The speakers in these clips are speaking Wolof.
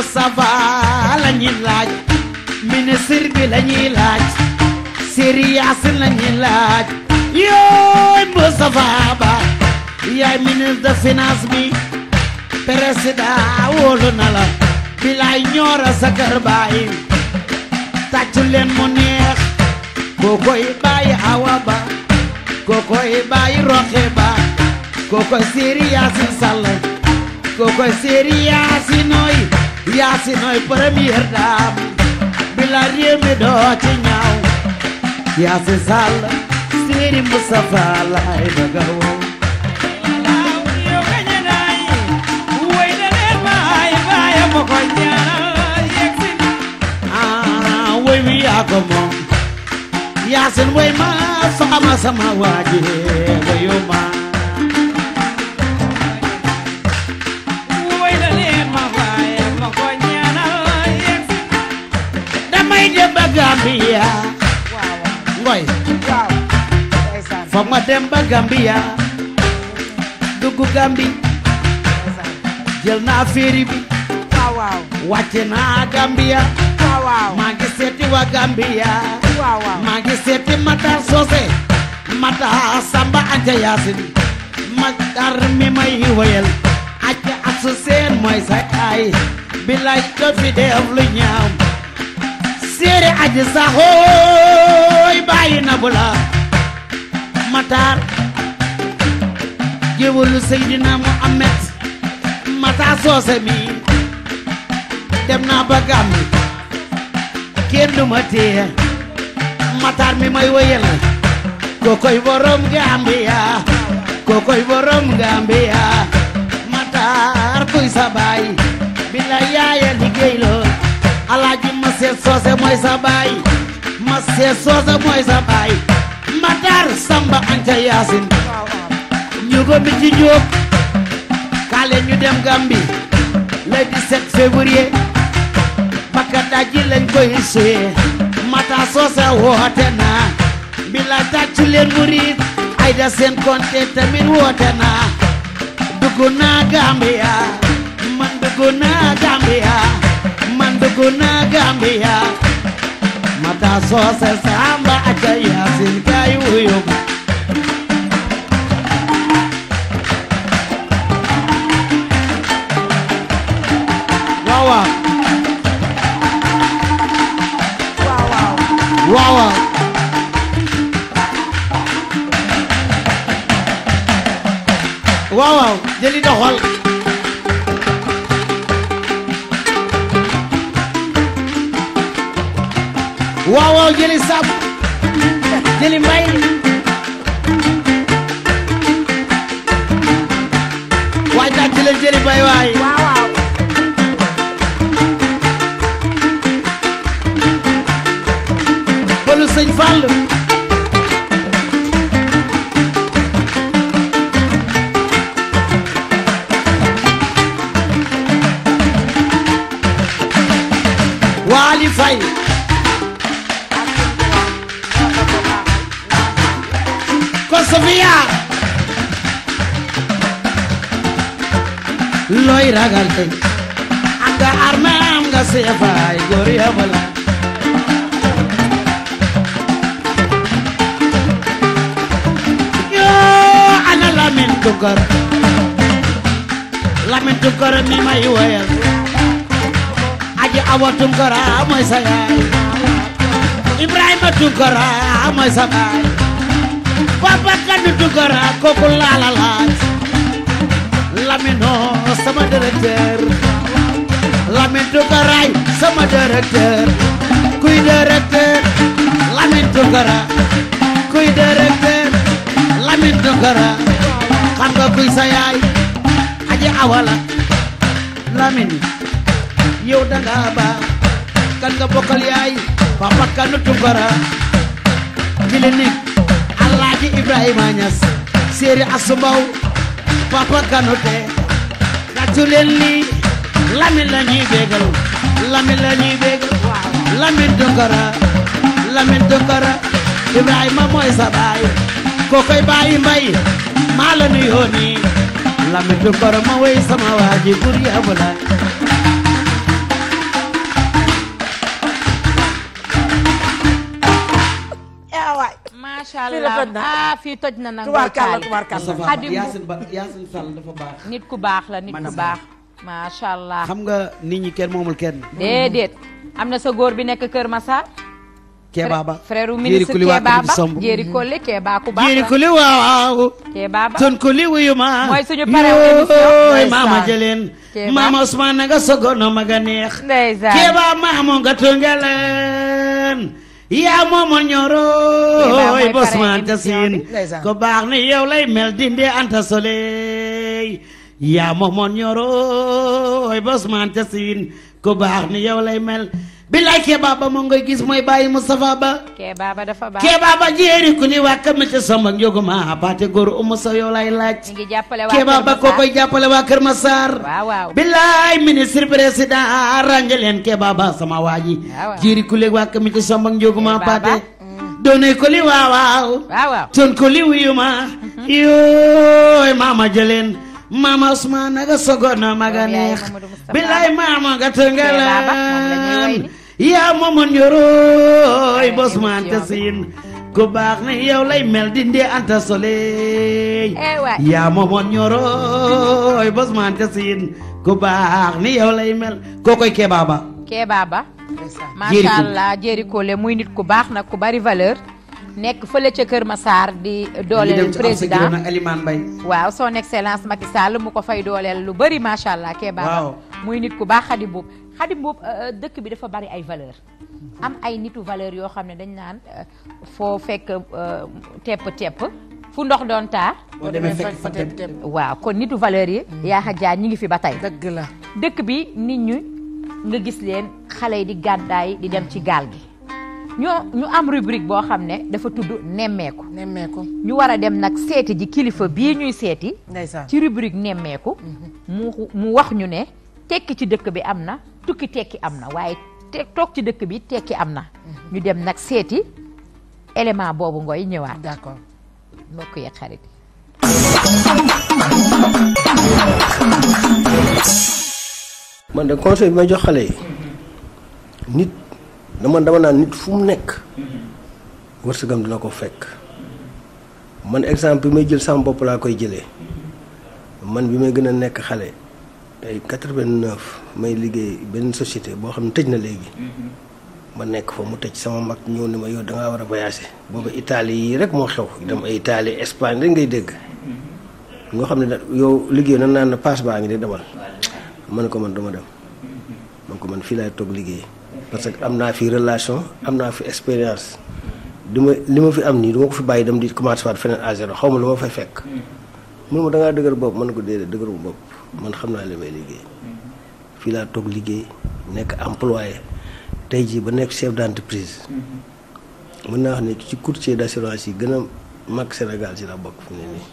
Moustapha la ñuy laaj ministre bi la ñuy laaj Sérias Ba yaay ministre de bi président wóolu na la bilaay ñoora sa baay tàccu mu neex kookoy bàyyi awa ba kookoy bàyyi roxe ba kookoy Sérias Sall kookoy Sérias Nooy yaa si nooy première dame bi la réew mi doo ci ñaaw yaa si sàll Sëriñ Moustapha laay bëgga woo ah, woy wi yaa ko moom yaa seen woy ma soxama sama waaje woyuma dem ba Gambia ngoy foog ma dem ba Gambia dugg Gambi jël naa féeri bi wàcce naa Gambia maa ngi seeti waa Gambia maa ngi seeti Matar Sose Matar Samba Anja Yaasin Matar mi may woyal acca ak su seen mooy sa ay bilaay ko fi def lu ñaaw séeré aji saxooy bàyyi na bu la mataar géwëlu Seydina Muhammad mataar soose dem naa ba Gàmbi kenn mataar mi may wëyal kokoy borom Gambia kokoy borom Gambia mataar kuy sa baay bi liggéey loo alaaji ma seet soose mooy sa baay soose mooy sa baay Matar Samba Anta Yaasin ñu ko mi ci kaale ñu dem Gambi le 17 février bakka daji lañ koy suyee Matar soose woote naa bilay tàccu leen murit ay da seen konte tamit woote naa dugg naa Gambia man dugg naa Gambia na Gambia mata soose samba aca yaasin kay wuyu ma waaw waaw waaw waaw waaw waaw jëli doxal waaw waaw jëli sab jëli mbay waay tàcc leen jëli mbay waay balu sëñ waali fay Maria looy ragal tey am nga arme am nga seefaay góor ya bala yoo ana Lamin Tunkar Lamin Tunkar mi may woyal aji Awa Tunkar mooy sa yaay Ibrahima Tunkar mooy sa baay papa kanu dugara kooku laa la sama directeur Lamine dugaraay sama directeur kuy directeur Lamine dugara kuy directeur Lamine dugara xam nga kuy sa yaay awala Lamine yow danga baax kan nga bokkal yaay papa kanu dugara clinique Alaaji Ibrahima Niass Serigne Assou Mbow Papa Kanouté tàccu leen lii Lamine la ñuy bégal Lamine la ñuy bégal waaw Lamine Dongara Ibrahima mooy baay kookoy baay mbay maa la nuyoon nii Lamine Dongara ma wéy sama waa ji pour la macha allah ah na nag. tubaarkàlla tubaarkàlla xadim ba Yaasin Sall baax. ku baax la nit ku baax. macha allah xam nga nit ñi kenn moomul kenn. déedéet am na sa góor bi nekk Kër Massar. Kebaaba frère ministre Kebaaba jéeri Kole Kebaaba ku baax la jéeri Kole waaw. Kebaaba son Kole wuyu ma. mooy suñu pareewu émission maama jëleen. Kebaaba maama Ousmane ma nga neex. ndeysaan Kebaaba maamu nga yaa moomoon ñorooy bosman ta siin ko baax na yow lay mel dinde anta soleil yaa moomoon ñorooy bosman ta siin ko baax ni yow lay mel billaay Kéba Ba moom ngay gis mooy bàyyi Moustapha Ba. Kéba Ba jéeri ku waa kër Matia Samba maa Pathé Goro Oumou Sow laaj. mi ngi jàppale waa Kër Massar Kéba Ba koo koy jàppale waa Kër Massar. waaw waaw billaay ministre président arrangé leen Kéba sama waa jéeri ku waa kër Matia Samba maa Pathé. Mm. doonay ko li waaw toon ko li wuyu ma. maama jëleen. mama Ousmane nga sogoon na ma billaay maama nga tëngalaan yaa moomoon yorooy bosman te siin ku baax ne yow lay mel dindi anta soleil eh yaa moomoon yorooy bosman te siin ku baax ne yow lay mel kookoy kebaaba kebaaba macha allah jérikoole muy nit ku baax nag ku bari valeur nekk fële ca Kër Massar di dooleel président waaw son excellence Macky Sall mu ko fay dooleel lu bari macha allah kebaaba muy nit ku baax xadi boobu Xadi Mbuub euh, euh, dëkk bi dafa bari ay valeur am ay nitu valeur yoo xam ne dañ naan euh, foo fekk tepp tepp fu ndox doon taar waaw kon nitu valeur yi mm. yaa xa jaa ñi ngi fi ba tey dëgg la dëkk bi nit ñu nga gis leen xale yi di gàddaay di dem ci gaal gi ñoo ñu am rubrique boo xam ne dafa tudd nemmeeku nemmeeku ñu war a dem nag seeti ji kilifa bii ñuy seeti ndeysaan ci rubrique nemmeeku mm-hmm. mu mu wax ñu ne tekki ci dëkk bi am na tukki tekki am na waaye te toog ci dëkk bi tekki am na. Mhm. ñu dem nag seeti élément boobu ngoy ñëwaat. d'accord mbokk yi xarit. man de conseil bi may jox xale yi. Mhm. nit dama dama naan nit fu mu nekk. Mhm. wërsëgam dina ko fekk. man exemple bi may jël sama bopp laa koy jëlee. man bi may gën a nekk xale. tey 89 may liggéey benn société boo xam ne tëj na léegi. Mm-hmm. ma nekk fa mu tëj sama mag ñëw ne ma yow da war a voyager booba Italie yi rek moo xew dem mm-hmm. ay Italie Espagne rek ngay dégg. Mm-hmm. nga xam ne da yow liggéey na naan na passe baa ngi de demal man ko man duma dem man ko man fii laay toog liggéey parce que am naa fi relation am naa fi expérience du ma li ma fi am nii du ko fi bàyyi dem di commencé waat feneen à xaw ma lu ma fay fekk. mun ma da ngaa dëgër bopp man ko déedéet dëgëru bopp. man xam naa li may liggéey fii laa toog liggéey nekk employé tey jii ba nekk chef d'entreprise mën naa xam ne ci courtier d'assurance yi gën a mag Sénégal si la bokk fi ne nii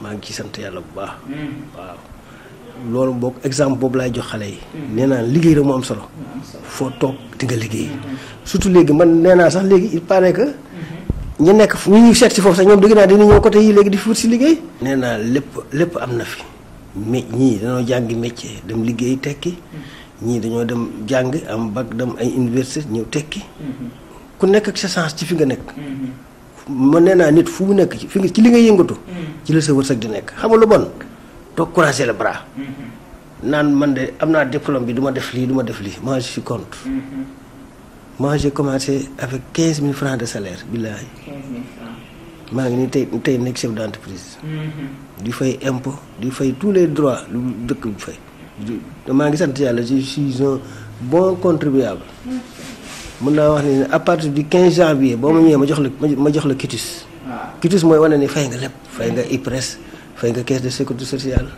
maa ngi ci sant yàlla bu baax waaw loolu bokk exemple boobu laay jox xale yi nee naa liggéey rek mu am solo foo toog di nga liggéey surtout léegi man nee naa sax léegi il paraît que ñu nekk ñu ñu seet si foofu sax ñoom dëgg naa dañuy ñëw côté yi léegi di wut si liggéey nee naa lépp lépp am na fi mais ñii dañoo jàngi métier dem liggéey tekki mm-hmm. ñii dañoo dem jàng am bac dem ay université ñëw tekki mm-hmm. ku nekk ak sa chance ci fi nga nekk mm-hmm. man nee naa nit fu mu nekk fi ci li nga yëngatu ci la sa wërsëg di nekk xam nga lu bon toog croiser les bras naan man de am naa diplôme bi du def lii duma def lii moi je suis contre moi avec quinze mille francs de salaire billaahi maa ngi ni tey tey nekk chef d'entreprise. Mm-hmm. di fay impôt di fay tous les droits lu dëkk bu fay. maa ngi sant yàlla je suis un bon contribuable. Mm-hmm. mën naa wax ne à partir du 15 janvier boo ma ñëwee ma jox la ma jox la quitus. quitus ah. mooy wane ni fay nga lépp fay nga IPRES fay nga caisse de sécurité sociale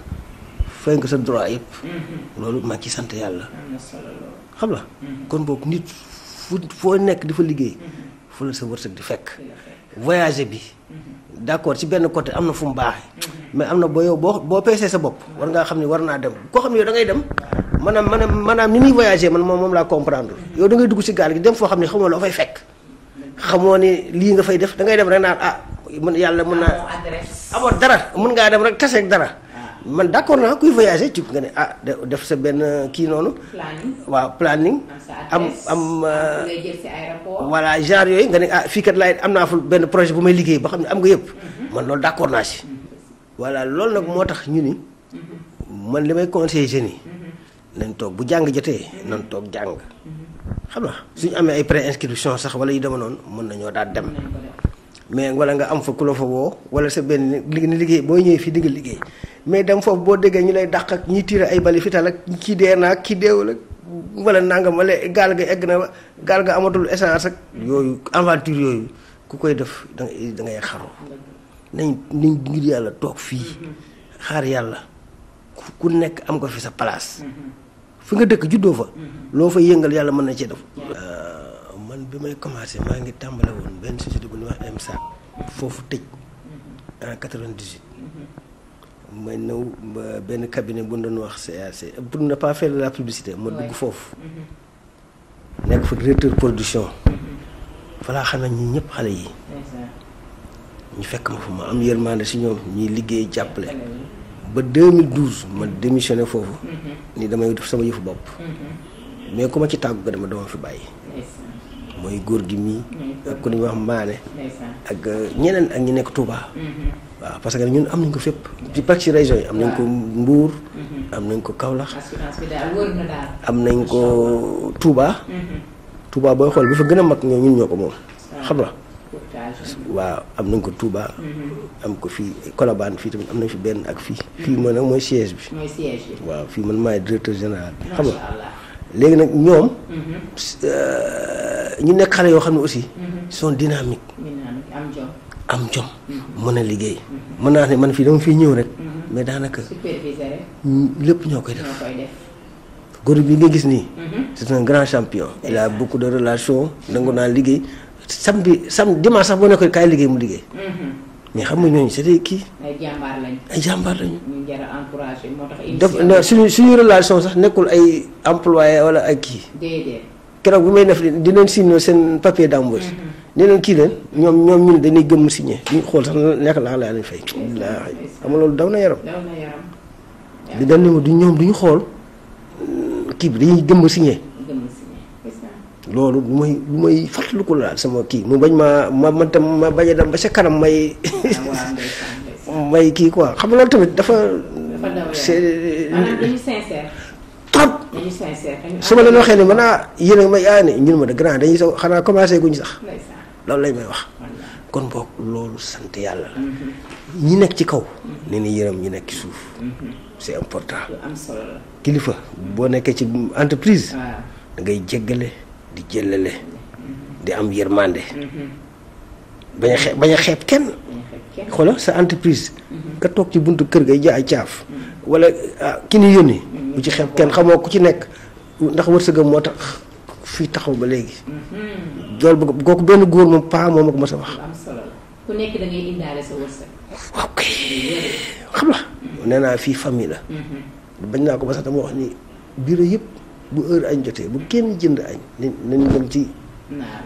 fay nga sa droit yëpp. Mm-hmm. loolu maa ngi sant yàlla. xam la kon boog nit fu foo nekk di fa liggéey. fu la sa wërsëg di fekk. voyager bi d' accord ci benn côté am na fu mu baax mais am na boo yow boo boo peesee sa bopp war ngaa xam ne war naa dem koo xam ne yow da ngay dem maanaam maanaam maanaam ni muy voyager man moom laa comprendre yow da ngay dugg si gaal gi dem foo xam ne xamoo loo fay fekk xamoo ne lii nga fay def dangay dem rek naa ah man yàlla mën naa amoo dara mën ngaa dem rek taseeg dara man d' accord naa kuy voyager ci nga ne ah def sa benn kii noonu. planning waaw planning. am am euh, voilà genre yooyu nga ne ah fii kat laay am naa fa benn projet bu may liggéey ba xam ne am nga yëpp. Mhm. man loolu d' naa si. voilà loolu nag moo tax ñu ni. Mhm. man li may conseiller jeunes yi. Mhm. nañ toog bu jàng jotee nañ toog jàng. xam na suñu amee ay pré-inscription sax wala yu dema noonu mën nañoo daal dem. mais wala nga am fa ku la fa woo wala sa benn liggéey boo ñëwee fii di liggéey mais dem foofu boo déggee ñu lay dàq ak ñi tiire ay bali fital ak kii dee naa kii deewul ak wala nangam wala gaal ga egg na gaal ga amatul essence ak yooyu aventure yooyu ku koy def da ngay da ngay xaru nañ nañ ngir yàlla toog fii xaar yàlla ku nekk am ko fi sa place. Mm-hmm. fi nga dëkk juddoo fa. Mm-hmm. loo fa yëngal yàlla mën na ci def. Euh, man bi may commencé maa ngi tàmbale woon benn société bu ñuy wax MSAC foofu tëj en 98 benn cabinet bu ñu doon wax CAC pour ne pas faire la publicité ma dugg foofu mhm. nekk fa directeur production falaa xam ne ñi ñëpp xale yi ñu fekk ma fa ma am yërmande si ñoom ñuy liggéey jàppale ba 2012 ma démissionné foofu mhm. ni damay def sama yëfu bopp mhm. mais ku ma ci tàggu dama dama fi bàyyi mooy góor gi mii. ak ku ñuy wax Maane. ak euh, ñeneen ak ñi nekk Touba. Mm-hmm. waaw parce que ñun am nañ ko fépp. ci pàcc ci région yi am nañ ko Mbour. Mm-hmm. am nañ ko Kaolack. am nañ ko mm-hmm. Touba. booy xool bu gën a mag ñoo ñun ñoo am nañ ko Touba. am ko fii Colobane fii tamit am nañ fi benn ak fii. fii man nag mooy siège bi. waaw fii man maay directeur xam nga. léegi nag ñoom. Mhm. Euh, ñu nekk xale yoo xam ne aussi. Mhm. sont dynamiques. am jom. Mhm. mën a liggéey. mën naa ne man fii dama fiy ñëw rek. mais daanaka. superviseur lépp ñoo koy def. ñoo bi nga gis nii. c'est un grand champion. il a de relations nangu naa liggéey samedi samedi dimanche sax boo nekkoon kaay liggéey mu liggéey. mais xam nga ñooñu c'était kii. ay jàmbaar lañu. ay jàmbaar lañu. ñu jar a encouragé moo suñu suñu relation sax nekkul ay employé wala ay kii. déedéet. keroog bi may def di leen signé seen papier d'embauche. Mm-hmm. ne leen kii leen ñoom ñoom ñun dañuy si signé ñu xool sax nekk laa laa leen fay. wallaahi xam loolu daw na yaram. daw na yaram. di dem ni du ñoom du xool kii bi dañuy gëm signé. loolu lu may lu may fàttaliku la sama kii mu bañ ma ma man tam ma bañ a dem ba sa kanam may. may kii quoi xam nga loolu tamit dafa. c'est trop. waxee ne man ah a may aane ñun ma de grand dañuy sax xanaa commencé guñ sax. loolu lañ may wax. kon boog loolu sant yàlla la. Mm-hmm. ñi nekk ci kaw. Mm-hmm. ne ni yërëm ñi nekk ci suuf. Mm-hmm. c'est important. kilifa boo nekkee ci entreprise. da ngay jéggale. di jëlale di am yërmande. bañ a xeeb bañ a xeeb kenn. xoolal sa entreprise. nga toog ci buntu kër ga jaay caaf. wala ah, ki ni yónni. bu ci xeeb kenn xamoo ku ci nekk ndax wërsëgam moo tax fii taxaw ba léegi. loolu bëgg kooku benn góor moom paa moom ak ma sa ok xam la nee naa fii famille la. Mhm. bañ naa ko ba sax dama wax ni bureau yëpp. bu heure añ jotee bu kenn jënd añ nañ dem ci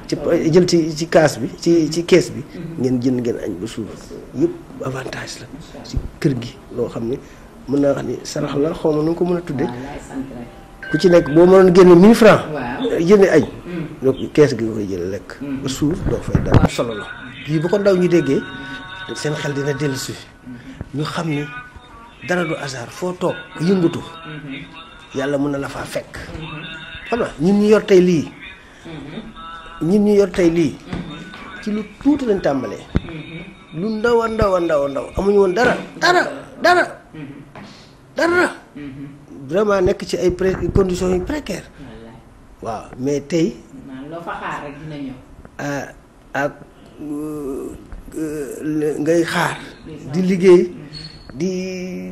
ci jël ci ci kaas bi ci mm-hmm. ci kees bi mm-hmm. ngeen jënd ngeen añ ba suuf yëpp avantage la ci kër gi loo xam ne mën naa wax ni sarax la xaw ma nu ko mën a tuddee ku ci nekk boo mënoon génne mille francs eh, jëndi añ mm. donc kees gi nga koy jële lekk ba mm-hmm. suuf doo fay dara solo la yii bu ko ndaw ñu déggee seen xel dina dellusi ñu xam ni dara du hasard foo toog yëngatu yàlla mën na la faa fekk xam nga ñun yor tey lii ñun ñu yor tey lii ci lu tuuti lañ tàmbalee lu ndaw a ndaw a ndaw amuñu woon dara dara dara dara vraiment nekk ci ay pré conditions yu précaires waaw mais tey euh, euh, ngay xaar di liggéey di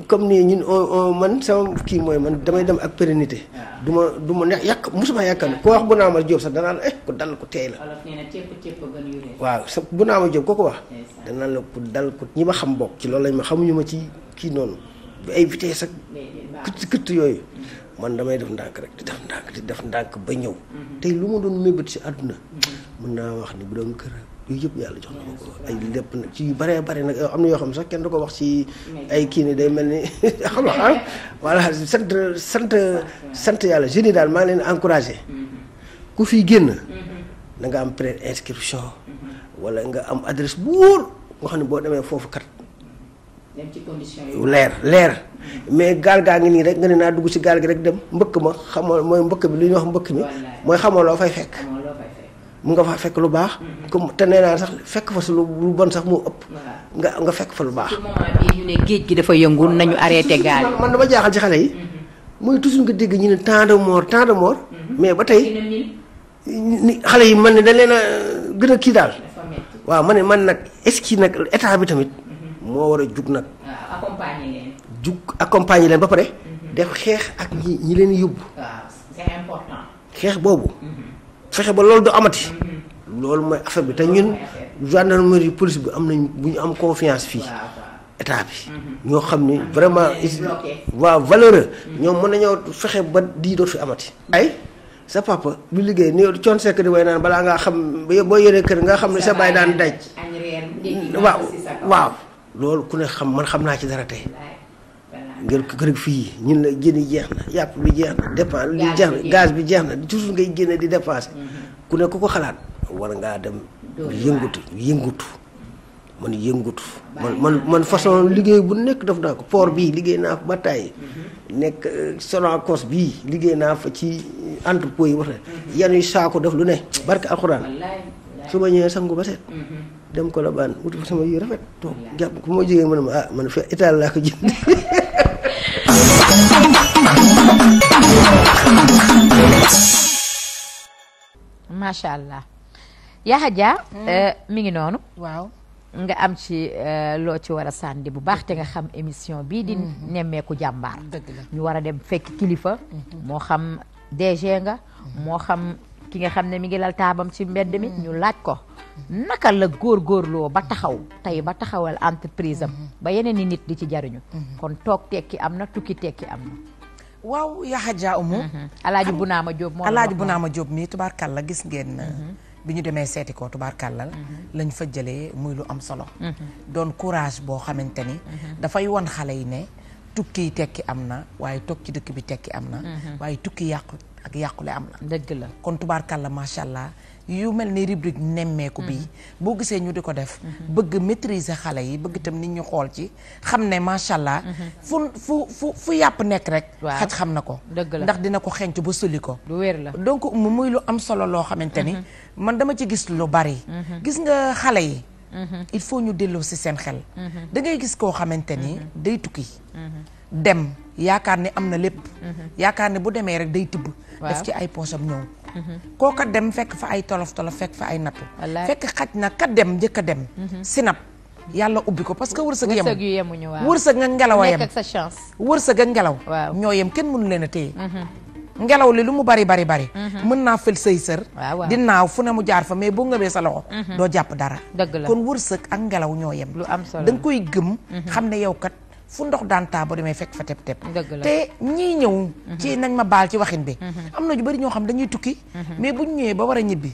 comme ni ñun on oh, oh, man sama kii mooy man damay dem ak pérennité. Ah. du ma du ma ne yàq mosuma yàqal ko wax bu naa ma Diop sax danaan eh ku dal ku la. sa bu naa ma Diop ko ko wax. danaan la ku dal ku ñi ma xam bokk. ci loolu lañ ma xamuñu ma ci kii noonu bi ay vitesse sa këtt këtt yooyu. man damay def ndànk rek di def ndànk di def ndànk ba ñëw. Mhm. tey lu ma doon mébét ci àdduna. mën mhm. naa wax ni bu doon kër. yooyu yëpp yàlla jox na ma ko ay lépp nag yu bëree bëri nag am na yoo xam sax kenn du ko wax ci ay kii ni day mel ni xam nga ah voilà sant sant sant yàlla jeunes yi daal maa ngi ku fiy génn na am pré-inscription wala bu wóor ne boo demee foofu kat dem ci condition yi leer leer gaa ngi nii rek nga naa dugg ci gaal gi rek dem mbëkk ma xamoo mooy mbëkk bi lu ñuy wax mbëkk mi mooy xamoo loo fay fekk mu nga fa fekk lu baax. Mm-hmm. comme te nee naa sax fekk fa su lu bon sax moo ëpp. nga nga fekk fa lu baax. ñu ne géej gi dafa yëngu nañu arrêté gaal yi man dama jaaxal ci xale yi. Mm-hmm. mooy toujours nga dégg ñu ne temps de mort temps de mort. Mm-hmm. mais ba tey xale yi man ne dañ leen gën a kii daal. waaw ma ne man nag est nag état bi tamit. moo war a jug nag. Ah, accompagner leen. jug accompagner leen ba pare. def xeex ak ñi ñi leen yóbbu. waaw ah, xeex boobu. fexe ba loolu doo amati loolu mooy affaire bi te ñun gendarmerie police bi am nañ bu ñu am confiance fii état bi mhm. ñoo xam ni ah, vraiment waaw valeureux mhm. ñoom mën nañoo fexe ba dii doo fi amati ay sa papa bu liggéey ni coon sekk di way naan balaa ngaa xam boo yoree kër nga xam ne sa baay daan daj waaw waaw loolu ku ne xam man xam naa ci dara tey ngeen ko kër fii ñun la jën jeex na yàpp bi jeex na dépense li jeex bi jeex na toujours ngay génne di dépassé mhm. ku ne ku ko xalaat war ngaa dem yëngutu yëngutu man yëngutu man man façon liggéey bu nekk def naa ko port bii liggéey naa fa ba tàyyi mhm. nekk euh, Sonacos liggéey naa fa ci entrepôt yi wax mhm. ne yu saako def lu ne barke alxuraan su ma ñëwee sangu ba set dem ko la baan wuti fa sama yu rafet toog jàpp ku ma jógee mu ma ah man fi état laa ko jënd macha allah Yaxa Dia. Hmm. Euh, mi ngi noonu. waaw nga am ci euh, loo ci war a sànni bu baax te nga xam émission bii di. Hmm. nemmeeku jàmbaar. ñu war a dem fekk kilifa. Hmm. moo xam DG nga. moo xam ki nga xam ne mi ngi lal taabam ci mbedd mi ñu laaj ko. naka la góor góorloo ba taxaw tey ba taxawal entreprise am mhm. ba yeneen i nit di ci jariñu mhm. kon toog tekki am na tukki tekki am na waaw yaxa jaa umu mhm. alaaji bunaama jóob moo alaaji bunaama jóob mi tubaarkàlla gis ngeen bi ñu demee seeti ko tubaarkàllal lañ fa jëlee muy lu am solo doon boo xamante ni dafay won xale yi ne tukki tekki am na waaye toog ci dëkk bi tekki am na waaye tukki yàqu ak yàqule am na dëgg la kon tubaarkàlla macha allah yu mel ni rubrique nemmeeku bi mm-hmm. boo gisee ñu di ko def mm-hmm. bëgg maîtriser xale yi bëgg itam nit ñu xool ci xam ne macha allah. Mm-hmm. fu fu fu fu yàpp nekk rek xaj xam na ko ndax dina ko xenc ba suli ko lu wér la donc mu muy lu am solo loo xamante ni man dama ci gis lu bari gis nga xale yi il faut ñu delloo si seen xel da ngay gis koo xamante ni day tukki dem yaakaar ni am na lépp yaakaar ne bu demee rek day tibb def ci ay poosam ñëw kooka dem fekk fa ay tolof tolof fekk fa ay nattu fekk xaj na ka dem njëkk a dem mhm. sinap yàlla ubbi ko parce wërsëg yemuñu waaw wërsëg nga ngelaw a yem nekk ak wërsëg ak ngelaw ñoo yem kenn mënu leen a téye mhm. ngelaw li lu mu bari bari bari mhm. mën naa fël say sër di naaw fu ne mu jaar fa mais boo ngëbee sa loxo doo jàpp dara kon wërsëg ak ngelaw ñoo yem lu koy gëm xam ne yow kat fu ndox daan taa boo demee fekk fa teb teb te ñii ñëw ci mhm. nañ ma baal ci waxin bi mhm. am na ñu bari ñoo xam dañuy tukki mhm. mais bu ñu ñëwee ba war a ñibbi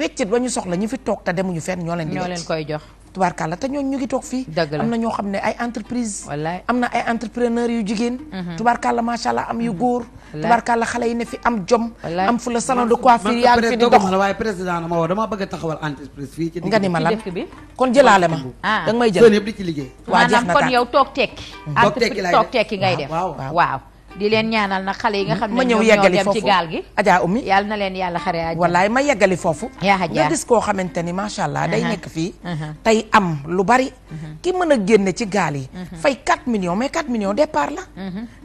weccit ba ñu soxla ñu fi toog te demuñu fenn ñoo leen di koy jox tubaarkàlla te ñoo ñu ngi toog fii am na ñoo xam ne ay entreprise am na ay entrepreneur yu jigéen mhm. tubaarkàlla macha allah am yu góor la xale yi ne fi am jom am fu la salon de coiffure yaa ngi fi di dox waaye président na ma woo dama bëgg a taxawal entreprise fii ci nga ni ma lan kon jëlaale ma ah. da nga may jël yëpp di ci liggéey waaw jeex na kon yow toog tekki toog tekki ngay def waaw di leen ñaanal na xale yi nga xam ne ñoo dem ci gaal gi Adja Oumy yàlla na leen yàlla xare aj wallaay ma yeggali foofu nga gis koo xamante ni macha allah day nekk fii tey am lu bari ki mën a génne ci gaal yi fay 4 millions mais 4 millions départ la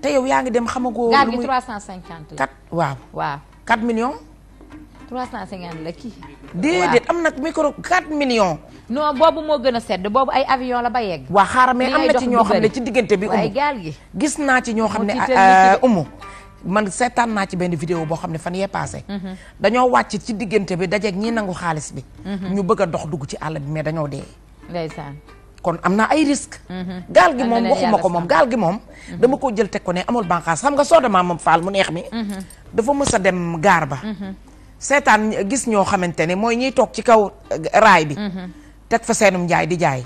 te yow yaa ngi dem xamagoo gaal gi 350 la 4 millions 350 la kii. waaw déedéet am nag micro 4 million non boobu moo gën a sedd boobu ay avion la ba yegg. waa xaaral mais am na ci ñoo xam ne ci diggante bi. umu gaal gi gis naa ci ñoo xam ne ah, ah, umu. man seetaan naa ci benn vidéo boo xam ne fan yee passé mm-hmm. dañoo wàcc ci diggante bi dajeeg ñi nangu xaalis bi. Mm-hmm. ñu bëgg a dox dugg ci àll bi mais dañoo dee. ndeysaan. kon am mm-hmm. na ay risque gaal gi moom waxuma ko moom gaal gi moom dama koo jël teg ko ne amul bànqaas xam nga soo demaa moom faal mu neex mi dafa mës a dem gaar ba seetaan gis ñoo xamante ne mooy ñiy toog ci kaw eh, raay bi. Mhm. teg fa seenum njaay di jaay.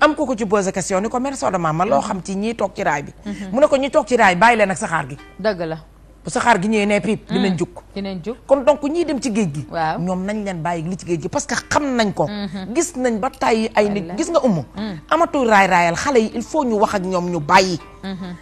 am ko ko ci posé question ni ko mère Soda Mama loo mhm. xam ci ñiy toog ci raay bi. Mhm. mu ne ko ñi toog ci raay bàyyi leen ak saxaar gi. dëgg la. bu saxaar gi ñëwee nee piip. dinañ jug dinañ jug kon donc ñii dem ci géej gi. waaw ñoom nañ leen bàyyi li ci géej gi parce que xam nañ ko. gis nañ ba tàyyi ay nit gis nga umu. amatul raay raayal xale yi il faut ñu wax ak ñoom ñu bàyyi.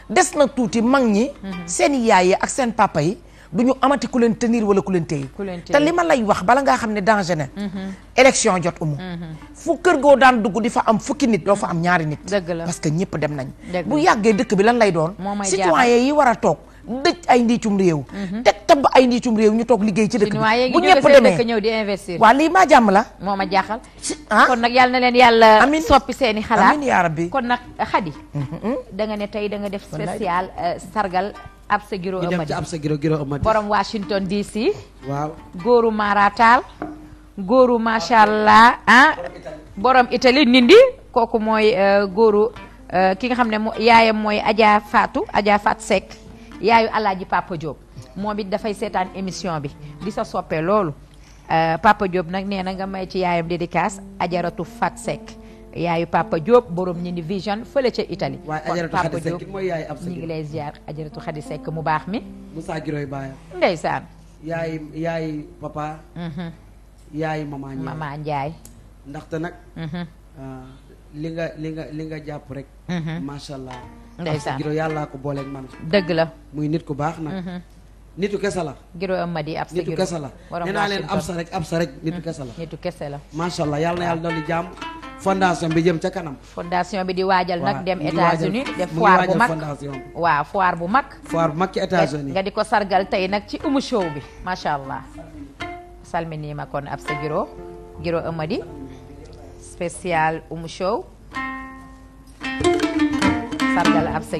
des na tuuti mag ñi. seen yaay yi ak seen papa yi. du ñu amati ku leen tenir wala ku leen téye te li ma lay wax bala ngaa xam ne danger na mhm. jot umu mhm. fu kër goo daan dugg di fa am fukki nit doo fa am ñaari nit parce que ñëpp dem nañ bu yàggee dëkk bi lan lay doon citoyen yi war a toog dëj ay ndiicum réew mhm. teg tabb ay ndiicum réew ñu toog liggéey ci dëkk bi bu ñëpp demee ñëw di investir waa lii maa jàmm la moo ma jaaxal ah kon nag yàlla na leen yàlla soppi seeni xalaat kon nag Khady da nga ne tey da nga def spécial euh, ab sa giro ëmadi ñu dem ci sa giro giro ëmadi borom Washington DC. waaw góoru Maratal. góoru macha allah ah borom Italie nindi kooku mooy euh, góoru euh, ki nga xam ne yaayam mooy Adja faatu Adja Fatou Seck yaayu Alaaji Papa Diop moom it dafay seetaan émission bi di sa soppe loolu euh, Papa Diop nag nee na nga may ci yaayam dédicace Ajaratu Fatou Seck. yaayu Papa Diop borom ñi ni vision fële ca Italie. kon Papa Diop ñi ngi lay ziar ajaratu Xadi Seck mu baax mi. Moussa Giroy Baaya. ndeysaan. yaay yaay papa. Mhm. yaay mama mama Ndiaye. ndaxte nag. Mhm. Ah, li nga li nga li nga jàpp rek. Mhm. macha allah. ndeysaan yàllaa ko booleeg man. dëgg la muy nit ku baax nag. nitu kese la. giroo am madi ab la. nee naa ab sa rek ab sa nitu hmm. kese la. nitu kese la. macha allah yal na yàlla dolli jàmm. fondation bi jëm ca kanam. fondation bi di waajal nag dem États-Unis def foire bu mag waaw foire bu mag. foire bu mag ci nga di ko sargal tey nag ci umu bi macha allah. salmini ma kon ab sa giroo amadi spécial umu sargal ab sa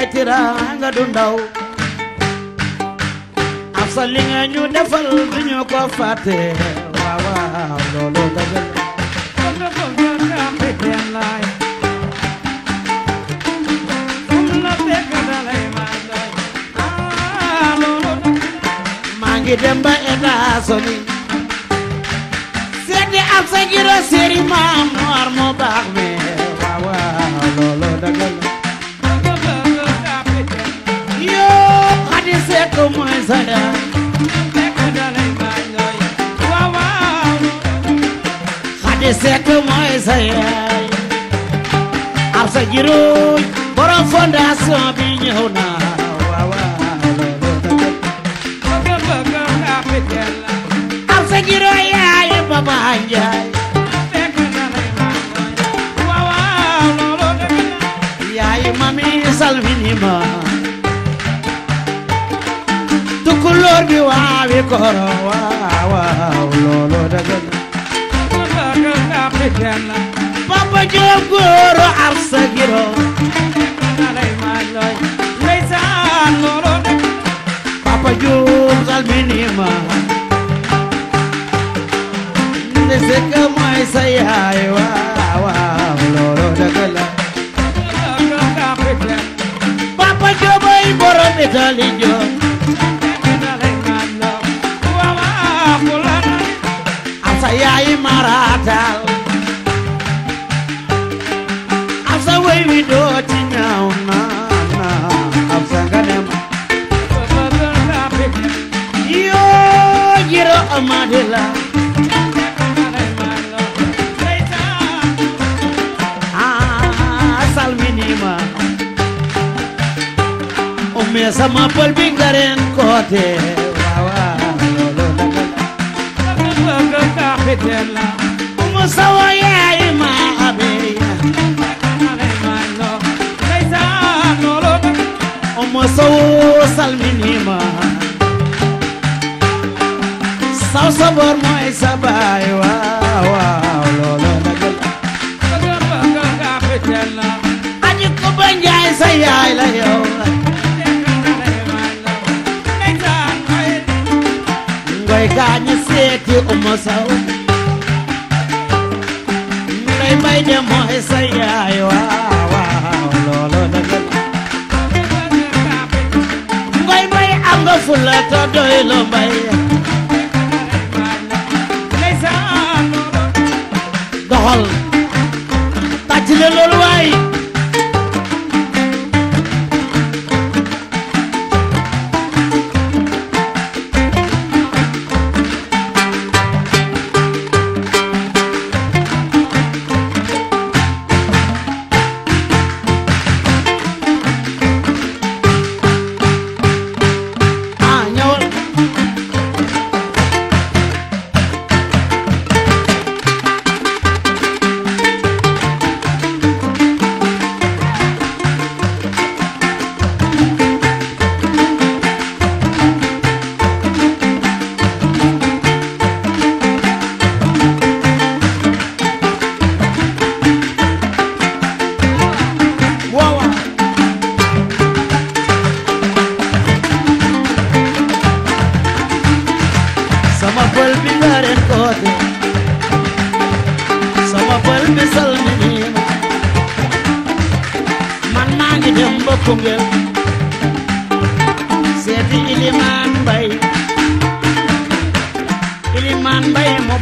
yaay tiraanga du ñu defal du ñu ko fàtte waaw waaw loolu dëgg ngi dem ba États-Unis seeti ab sa giro sëriñ maam baax mi waaw waaw loolu dëgg sekk mooy sa yaa sekk dalay bañ looy waaw waaw xadi sekk mooy sa yaay arsa jiruuj borom fondation bi ñëw na waaw waaw arsa jiruuj yaay baba njaay sekk kulóor bi waawi korom waaw waaw loolo dagan papa Joob góoru arsa giro papa Joob salminima nde sekka mooy sa yaay waaw waaw loolo dagan papa Joob ay borom Itali Joob sa yaay maratal ab sa way wi doo ci ñaaw na na ab sa nga dem yoo jiro amadi la ah, salminima o me sama pël bi ngaren koote tella umu sawo yaay ma abeya manno laysa nolo umu sawo salminima saw sabor mooy sa baay waaw waaw loolo dagal dagal bagal ka fetella añu ko ba njaay sa yaay la yow ngoy gaañu seeti umu sawo Njaay Mbay ja mooy sa yaay waaw waaw loolu dëgg Ngoy Mbay am nga fulla to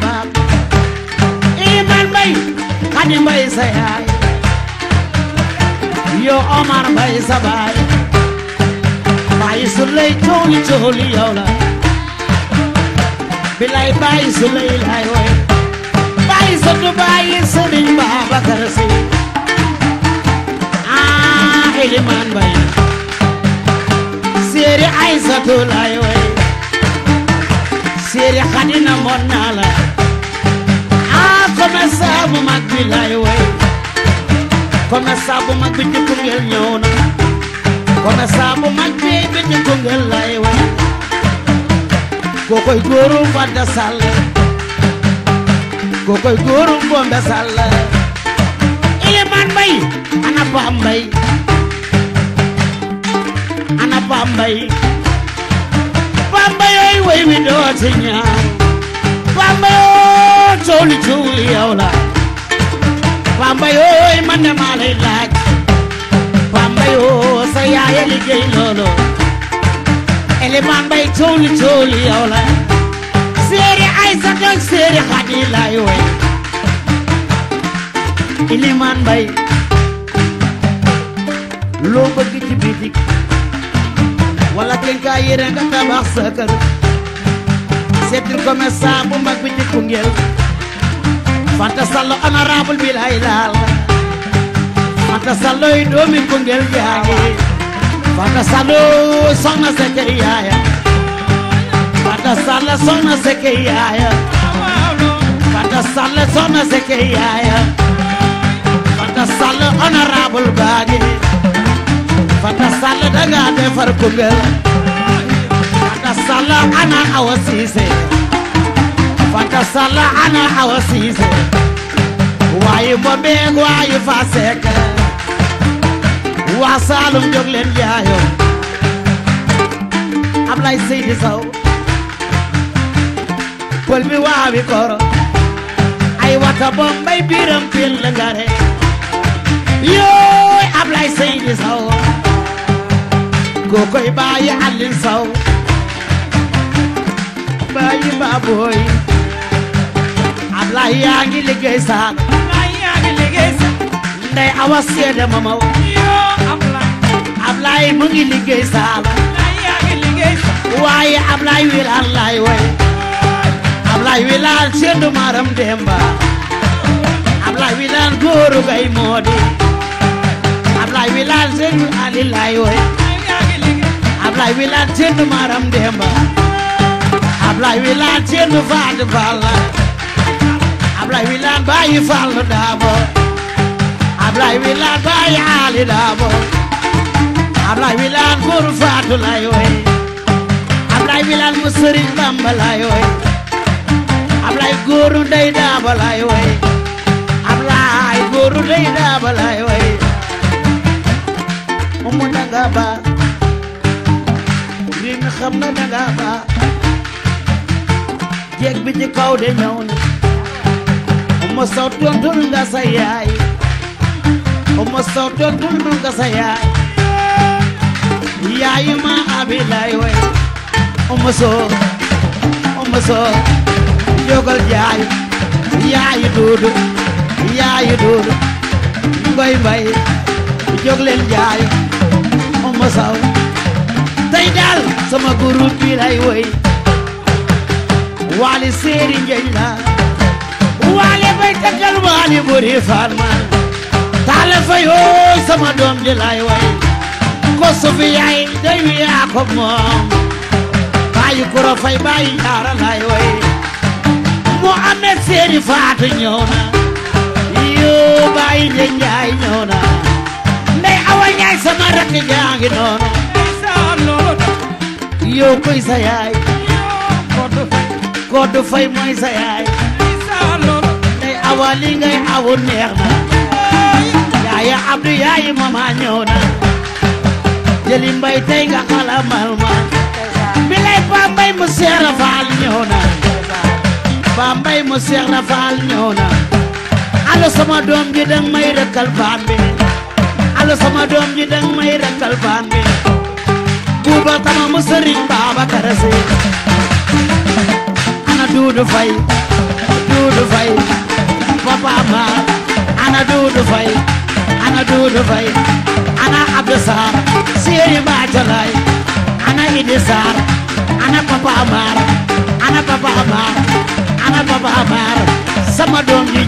baab Iman Mbay Xadi Mbay sa yaay yow Omar Mbay sa baay Baay Suley cooli cooli yow la bilay Baay lay way Baay Sodu Baay Sëriñ Babacar Si aa ah, Iman Mbay Séeri Aysatu lay way moon naa la commerçant bu mag bi lay woy commerçant bu mag bi ci Koungheul ñëw na commerçant bu mag bi bi ci Koungheul lay woy kookoy góoru Fadda Sall kookoy góoru Bombe Sall Eliman Mbay ana Pam Mbay ana Pam Mbay Pam Mbay yooyu woy wi doo ci ñaaw Pam Mbay ak soo li coow yow la Pamba maa lay laaj Pamba yoo sa yaay a liggéey loolu élément bay coow li coow li ay sa toog séeri woy élément bay loo bëgg ci bitik wala kenn tabax sa kër c'est un commerçant bu mag Fanta Sall honorable bi lay laal Fanta Sall yi doomi Koungheul jaage Fanta Sall soxna Seck yaaya Fanta Sall soxna Seck yaaya Fanta Sall soxna Seck baage Fanta Sall danga defar Koungheul Fanta Sall ana Awa fakasalla ana Awa Siise waayu bombeeg waayu faseek waa Saalum jóg leen jaayo Ablaay Seydi Saw pël mi waawi koro ay wata bombay biram pil ngare yooy Ablaay Seydi Saw kookoy baayi Alin Saw baayi baabooy wallaay yaa ngi liggéey saak wallaay yaa ngi liggéey saak ndey awa seede mama wo yoo Ablaay Ablaay mu ngi liggéey saak wallaay yaa ngi liggéey saak waaye Ablaay wilaal laay way Ablaay wilaal seedu maram demba Ablaay wilaal góoru gay moo di Ablaay wilaal seedu ali laay way Ablaay wilaal seedu maram demba Ablaay wilaal seedu faat faal laay Ablaye Wilane Baye Fall Dabo Ablaye Wilane Baye Ali Dabo Ablaye Wilane Bour Fatou lay woy Ablaye Wilane mu Serigne Bamba lay woy Ablaye góoru ndey Dabo lay woy Ablaye góoru ndey Dabo lay woy Umu danga ba ring xam na danga ba jeeg bi ci kaw de ñëw na uma soo tontul nga sa yaay uma soo tontul nga sa yaay ma abilay we uma soo soo jógal jaay yaay duudu yaay duudu ngoy mbay jóg leen jaay uma soo tey daal sama groupe bi lay wey waali seeri njeñ la way tagal waali buri farma taala fayooy sama doom di lay way ko sufi yaay day wi yaa ko moom baayu kuro fay baayu jaara lay way mu ame seeni faatu ñëw na yoo baayu de njaay ñëw na ndey awa ñaay sama rakk jaangi noonu yoo koy sa yaay koodu fay mooy sa yaay awa li ngay neex na yaaya abdu yaayi mama ñëw na jëli mbay tey nga xalamal ma bi mu seex na faal ñëw mu seex na faal ñëw sama doom ji dang may rëkkal baan bi sama doom ji dang may rëkkal baan buuba tama mu sëriñ Babacar Si ana duudu fay duudu fay papa ma ana Doudou ana Doudou ana Abdou Sarr Sëriñ ana Idi ana papa Amar ana papa Amar ana papa Amar sama doom ji